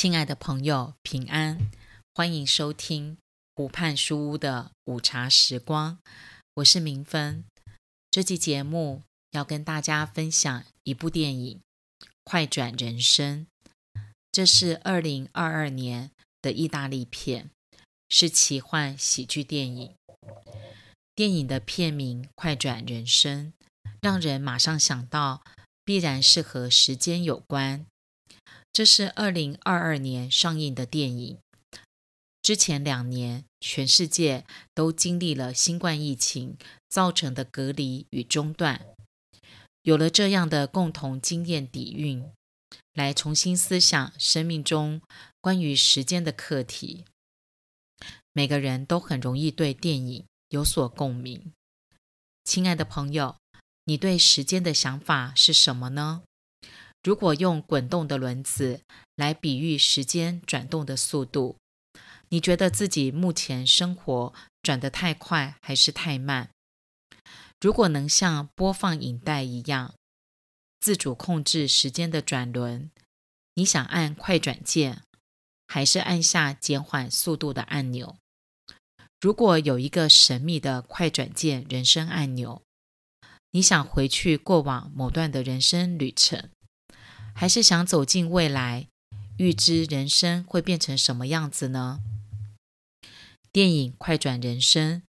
親愛的朋友，平安，歡迎收聽湖畔書屋的午茶時光，我是明芬。這期節目要跟大家分享一部電影《快轉人生》，這是二零二二年的意大利片，是奇幻喜劇電影。電影的片名《快轉人生》，讓人馬上想到，必然是和時間有關。這是二零二二年上映的電影。之前兩年，全世界都經歷了新冠疫情造成的隔離與中斷。有了這樣的共同經驗底蘊，來重新思想生命中關於時間的課題。每個人都很容易對電影有所共鳴。親愛的朋友，你對時間的想法是什麼呢？如果用滾動的輪子來比喻時間轉動的速度，你覺得自己目前生活轉得太快還是太慢？如果能像播放影帶一樣自主控制時間的轉輪，你想按快轉鍵還是按下減緩速度的按鈕？如果有一個神秘的快轉鍵人生按鈕，你想回去過往某段的人生旅程？還是想走進未來，預知人生會變成什麼樣子呢？電影《快轉人生》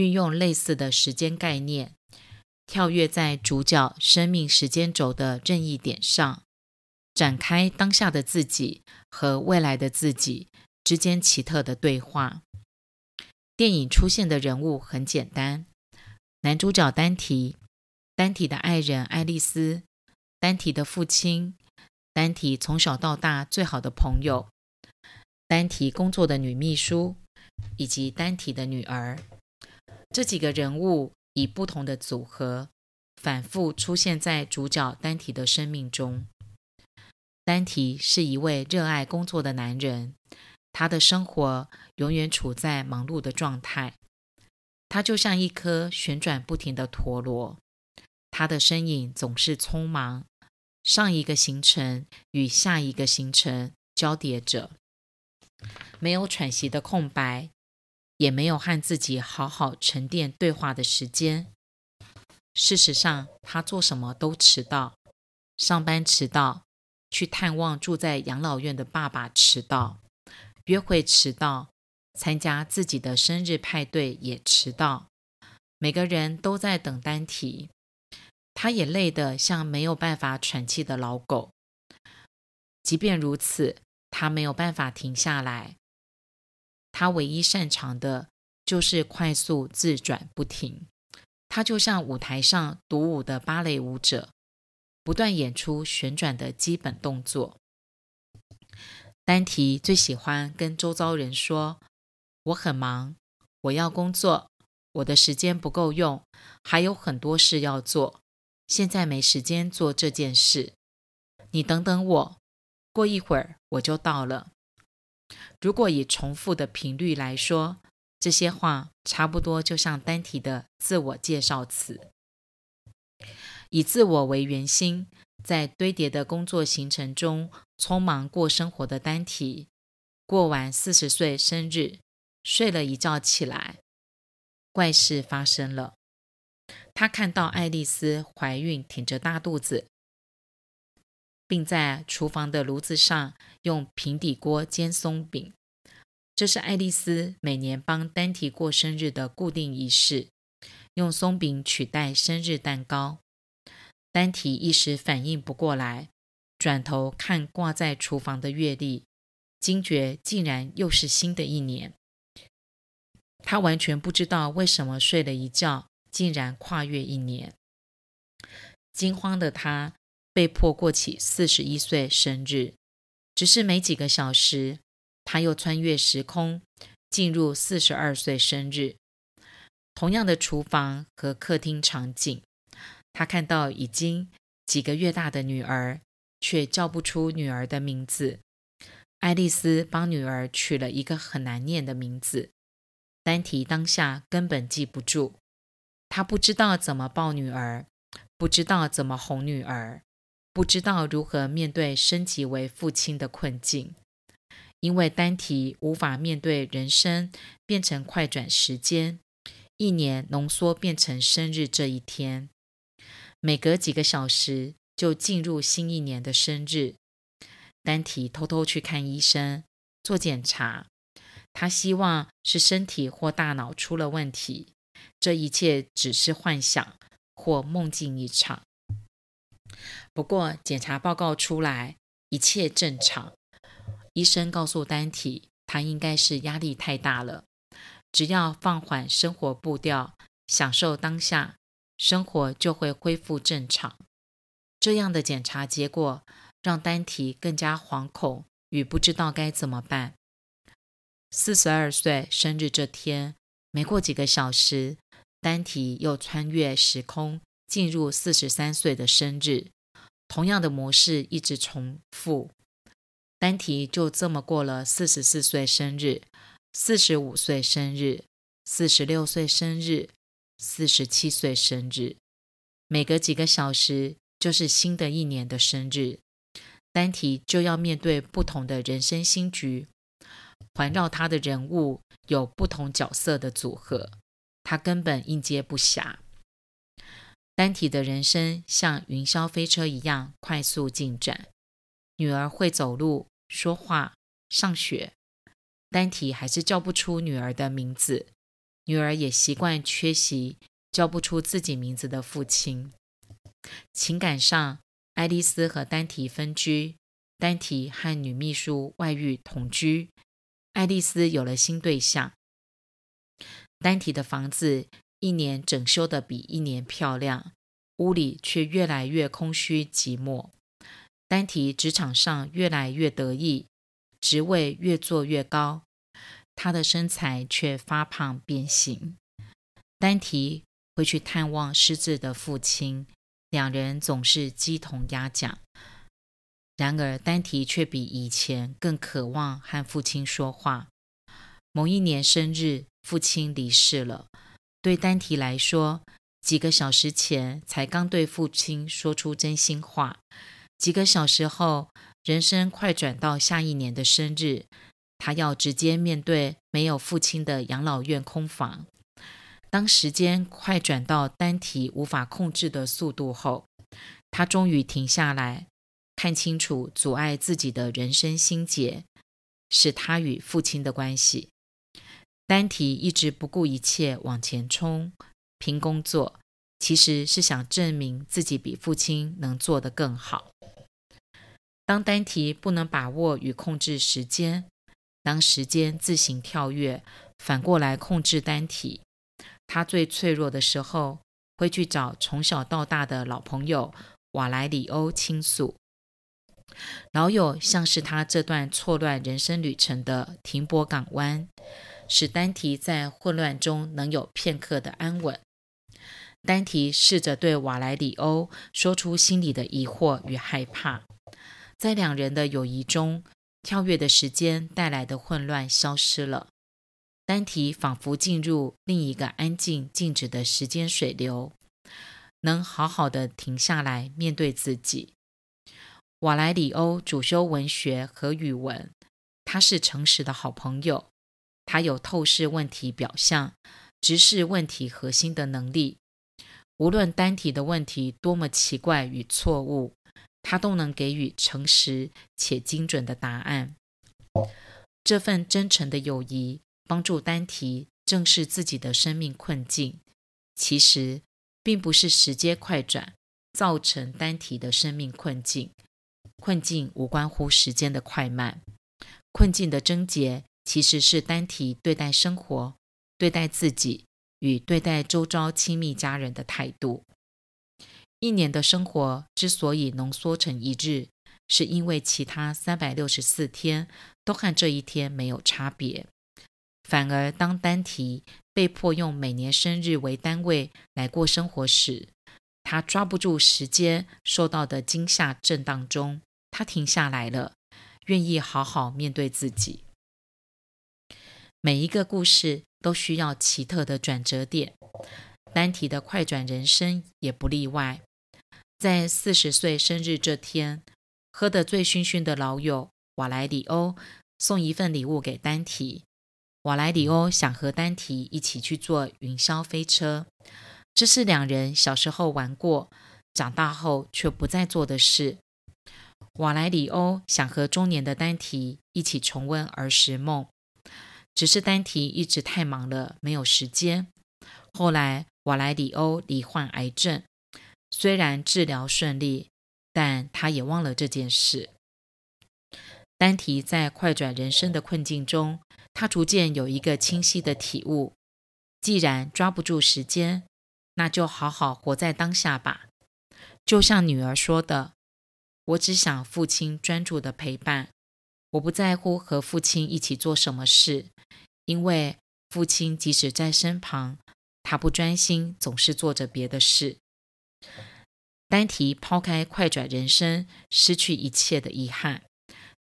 運用類似的時間概念，跳躍在主角生命時間軸的任意點上，展開當下的自己和未來的自己之間奇特的對話。電影出現的人物很簡單：男主角丹提，丹提的愛人愛麗絲，丹提的父親。丹提從小到大最好的朋友，丹提工作的女秘書以及丹提的女兒。這幾個人物以不同的組合反覆出現，在主角丹提的生命中。丹提是一位熱愛工作的男人，他的生活永遠處在忙碌的狀態，他就像一顆旋轉不停的陀螺，他的身影總是匆忙。上一個行程與下一個行程交疊着，沒有喘息的空白，也沒有和自己好好沉澱對話的時間。事實上，他做什麼都遲到：上班遲到，去探望住在養老院的爸爸遲到，約會遲到，參加自己的生日派對也遲到。每個人都在等單體。他也累得像沒有辦法喘氣的老狗。即便如此，他沒有辦法停下來。他唯一擅長的就是快速自轉不停。他就像舞台上獨舞的芭蕾舞者，不斷演出旋轉的基本動作。丹提最喜歡跟周遭人說：“我很忙，我要工作，我的時間不夠用，還有很多事要做。”現在沒時間做這件事，你等等我，過一會兒我就到了。如果以重複的頻率來說，這些話差不多就像單體的自我介紹詞。以自我為圓心，在堆疊的工作行程中匆忙過生活的單體，過完四十歲生日，睡了一覺起來，怪事發生了。他看到愛麗絲懷孕，挺着大肚子，並在廚房的爐子上用平底鍋煎鬆餅。這是愛麗絲每年幫丹提過生日的固定儀式，用鬆餅取代生日蛋糕。丹提一時反應不過來，轉頭看掛在廚房的月曆，驚覺竟然又是新的一年。他完全不知道為什麼睡了一覺。竟然跨越一年，驚慌的他被迫過起四十一歲生日。只是沒幾個小時，他又穿越時空，進入四十二歲生日。同樣的廚房和客廳場景，他看到已經幾個月大的女兒，卻叫不出女兒的名字。愛麗絲幫女兒取了一個很難念的名字，丹提當下根本記不住。他不知道怎麼抱女兒，不知道怎麼哄女兒，不知道如何面對升級為父親的困境。因為丹提無法面對人生變成快轉時間，一年濃縮變成生日這一天，每隔幾個小時就進入新一年的生日。丹提偷偷去看醫生做檢查，他希望是身體或大腦出了問題。這一切只是幻想或夢境一場。不過，檢查報告出來，一切正常。醫生告訴丹提，他應該是壓力太大了，只要放緩生活步調，享受當下，生活就會恢復正常。這樣的檢查結果讓丹提更加惶恐與不知道該怎麼辦。四十二歲生日這天。沒過幾個小時，丹提又穿越時空，進入四十三歲的生日。同樣的模式一直重複，丹提就這麼過了四十四歲生日、四十五歲生日、四十六歲生日、四十七歲生日。每隔幾個小時，就是新的一年的生日，丹提就要面對不同的人生新局。環繞他的人物有不同角色的組合，他根本應接不暇。丹提的人生像雲霄飛車一樣快速進展。女兒會走路、說話、上學，丹提還是叫不出女兒的名字。女兒也習慣缺席，叫不出自己名字的父親。情感上，愛麗絲和丹提分居，丹提和女秘書外遇同居。愛麗絲有了新對象，丹提的房子一年整修得比一年漂亮，屋裡卻越來越空虛寂寞。丹提職場上越來越得意，職位越做越高，他的身材卻發胖變形。丹提會去探望失智的父親，兩人總是雞同鴨講。然而，丹提卻比以前更渴望和父親說話。某一年生日，父親離世了。對丹提來說，幾個小時前才剛對父親說出真心話，幾個小時後，人生快轉到下一年的生日，他要直接面對沒有父親的養老院空房。當時間快轉到丹提無法控制的速度後，他終於停下來。看清楚阻礙自己的人生心結，是他與父親的關係。丹提一直不顧一切往前衝，拼工作，其實是想證明自己比父親能做得更好。當丹提不能把握與控制時間，當時間自行跳躍，反過來控制丹提，他最脆弱的時候，會去找從小到大的老朋友瓦萊里歐傾訴。老友像是他這段錯亂人生旅程的停泊港灣，使丹提在混亂中能有片刻的安穩。丹提試着對瓦萊裡歐說出心裡的疑惑與害怕，在兩人的友誼中，跳躍的時間帶來的混亂消失了。丹提仿佛進入另一個安靜靜止的時間水流，能好好的停下來面對自己。瓦萊里歐主修文學和語文，他是誠實的好朋友。他有透視問題表象、直視問題核心的能力。無論丹提的問題多麼奇怪與錯誤，他都能給予誠實且精準的答案。這份真誠的友誼幫助丹提正視自己的生命困境。其實，並不是時間快轉造成丹提的生命困境。困境無關乎時間的快慢，困境的症結其實是單體對待生活、對待自己與對待周遭親密家人的態度。一年的生活之所以濃縮成一日，是因為其他三百六十四天都和這一天沒有差別。反而當單體被迫用每年生日為單位來過生活時，他抓不住時間，受到的驚嚇震盪中。他停下來了，願意好好面對自己。每一個故事都需要奇特的轉折點，丹提的快轉人生也不例外。在四十歲生日這天，喝得醉醺醺的老友瓦萊里歐送一份禮物給丹提。瓦萊里歐想和丹提一起去坐雲霄飛車，這是兩人小時候玩過，長大後卻不再做的事。瓦萊里歐想和中年的丹提一起重溫兒時夢，只是丹提一直太忙了，沒有時間。後來瓦萊里歐罹患癌症，雖然治療順利，但他也忘了這件事。丹提在快轉人生的困境中，他逐漸有一個清晰的體悟：既然抓不住時間，那就好好活在當下吧。就像女兒說的。我只想父親專注的陪伴，我不在乎和父親一起做什麼事，因為父親即使在身旁，他不專心，總是做着別的事。丹提拋開快轉人生，失去一切的遺憾，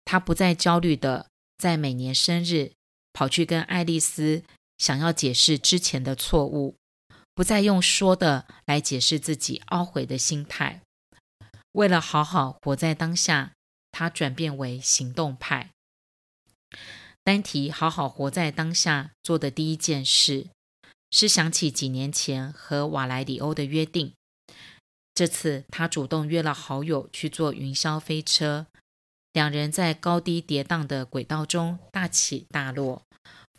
他不再焦慮的在每年生日跑去跟愛麗絲想要解釋之前的錯誤，不再用說的來解釋自己懊悔的心態。為了好好活在當下，他轉變為行動派。丹提好好活在當下做的第一件事，是想起幾年前和瓦萊里歐的約定。這次他主動約了好友去坐雲霄飛車，兩人在高低跌宕的軌道中大起大落，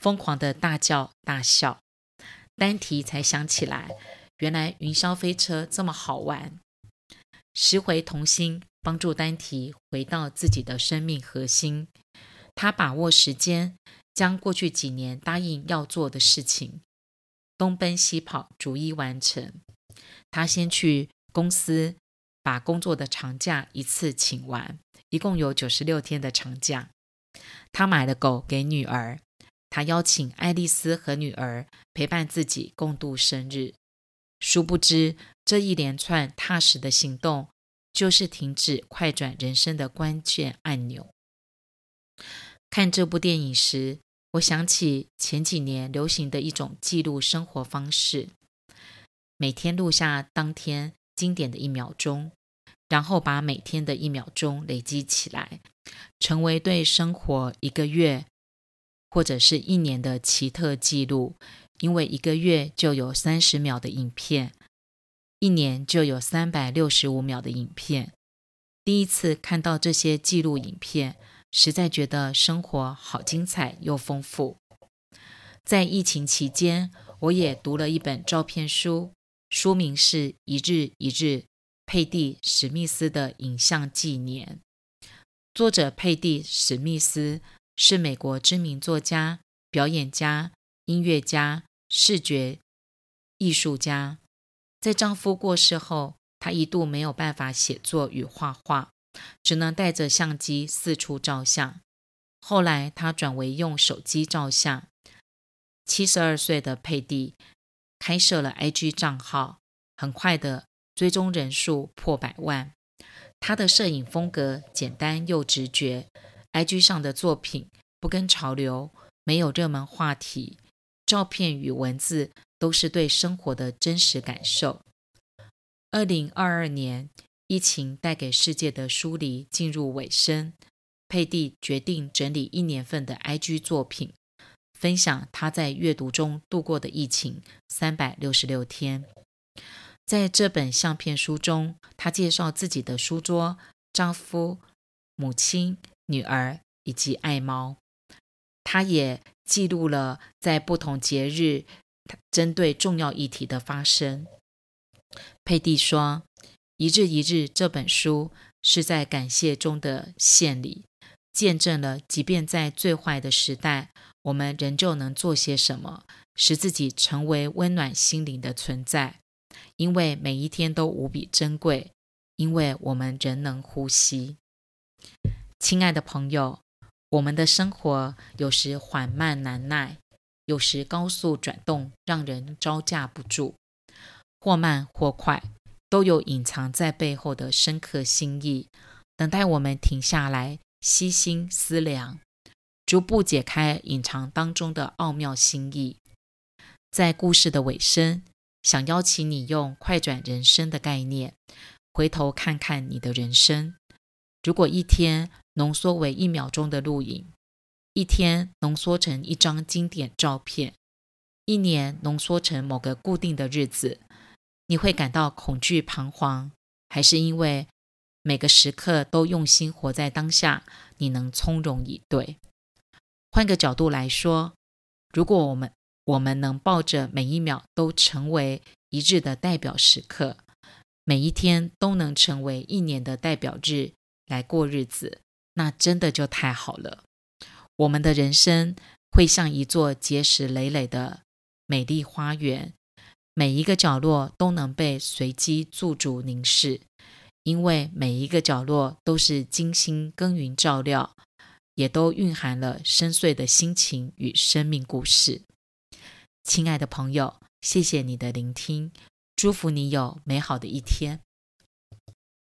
瘋狂的大叫大笑。丹提才想起來，原來雲霄飛車這麼好玩。拾回童心，幫助丹提回到自己的生命核心。他把握時間，將過去幾年答應要做的事情東奔西跑，逐一完成。他先去公司，把工作的長假一次請完，一共有九十六天的長假。他買了狗給女兒，他邀請愛麗絲和女兒陪伴自己共度生日。殊不知，這一連串踏實的行動，就是停止快轉人生的關鍵按鈕。看這部電影時，我想起前幾年流行的一種記錄生活方式：每天錄下當天經典的一秒鐘，然後把每天的一秒鐘累積起來，成為對生活一個月或者是一年的奇特記錄。因為一個月就有三十秒的影片，一年就有三百六十五秒的影片。第一次看到這些紀錄影片，實在覺得生活好精彩又豐富。在疫情期間，我也讀了一本照片書，書名是《一日一日》，佩蒂·史密斯的影像紀年。作者佩蒂·史密斯是美國知名作家、表演家、音樂家。視覺藝術家在丈夫過世後，她一度沒有辦法寫作與畫畫，只能帶着相機四處照相。後來，她轉為用手機照相。七十二歲的佩蒂開設了 IG 賬號，很快的追蹤人數破百萬。她的攝影風格簡單又直覺，IG 上的作品不跟潮流，沒有熱門話題。照片與文字都是對生活的真實感受。二零二二年，疫情帶給世界的疏離進入尾聲，佩蒂決定整理一年份的 IG 作品，分享她在閱讀中度過的疫情三百六十六天。在這本相片書中，她介紹自己的書桌、丈夫、母親、女兒以及愛貓。她也記錄了在不同節日針對重要議題的發生。佩蒂說：“一日一日這本書是在感謝中的獻禮，見證了即便在最壞的時代，我們仍舊能做些什麼，使自己成為溫暖心靈的存在。因為每一天都無比珍貴，因為我們仍能呼吸。”親愛的朋友，我們的生活有時緩慢難耐，有時高速轉動，讓人招架不住。或慢或快，都有隱藏在背後的深刻心意，等待我們停下來，悉心思量，逐步解開隱藏當中的奧妙心意。在故事的尾聲，想邀請你用“快轉人生”的概念，回頭看看你的人生。如果一天濃縮為一秒鐘的錄影，一天濃縮成一張經典照片，一年濃縮成某個固定的日子，你會感到恐懼彷徨，還是因為每個時刻都用心活在當下，你能從容以對？換個角度來說，如果我們我們能抱着每一秒都成為一日的代表時刻，每一天都能成為一年的代表日，來過日子，那真的就太好了。我們的人生會像一座結實累累的美麗花園，每一個角落都能被隨機駐足凝視，因為每一個角落都是精心耕耘照料，也都蘊含了深邃的心情與生命故事。親愛的朋友，謝謝你的聆聽，祝福你有美好的一天。